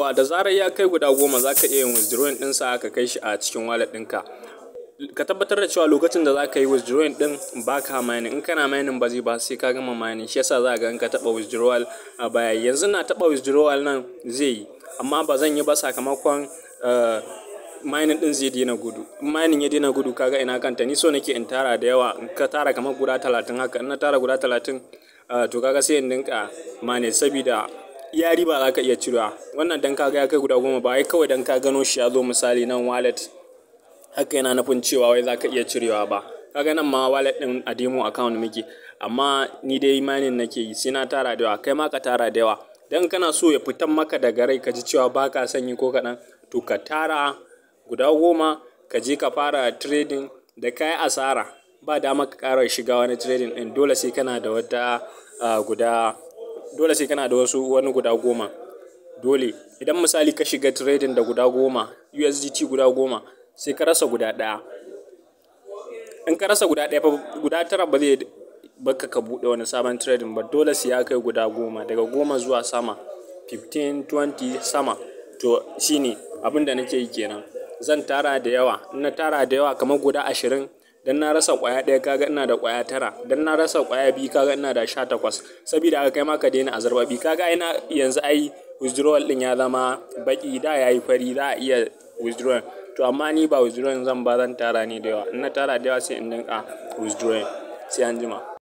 wa da zarar ya kai guda goma za ka iya yin withdrawing ɗinsa ka kai shi a cikin wallet ɗinka ka tabbatar da cewa lokacin da za ka yi withdrawing din ba ka mining in kana mining ba zai ba sai ka gama mining shi yasa za ga in ka taba withdrawal a baya yanzu na taba withdrawal nan zai yi amma ba zan yi ba sakamakon eh, mining din zai daina gudu in mining ya daina gudu kaga ina kanta ni so nake in tara da yawa in ka tara kamar guda talatin haka in na tara guda talatin eh, to kaga sai in dinka mining sabida. yari ba za ka iya cirewa wannan dan ka ya kai guda goma ba wai kawai dan ka gano shi ya zo misali nan wallet haka yana nufin cewa wai za ka iya cirewa ba kaga nan ma wallet din a demo account muke amma ni dai imanin nake yi sai na tara da yawa kai ma ka tara da yawa dan kana so ya fitan maka daga rai ka ji cewa ba ka sanyi ko kaɗan to ka tara guda goma ka je ka fara trading da ka yi asara ba dama ka ƙara shiga wani trading ɗin dole sai kana da wata ah, guda dole sai kana da wasu wani guda goma dole idan misali ka shiga trading da guda goma USDT guda goma sai ka rasa guda ɗaya in ka rasa guda ɗaya guda tara ba zai baka ka buɗe wani sabon trading ba dole sai ya kai guda goma daga goma zuwa sama 15 20 sama to shine abin da nake yi kenan zan tara da yawa in na tara da yawa kamar guda ashirin dan na rasa kwaya ɗaya kaga ina da kwaya tara dan na rasa kwaya biyu kaga ina da sha takwas saboda aka kai ma ka daina azarbabi kaga ina yanzu ai withdrawal din ya zama baki da yayi fari za a iya withdrawal to amma ni ba withdrawal zan ba zan tara ni da yawa in na tara da yawa sai in dinka withdrawal sai an jima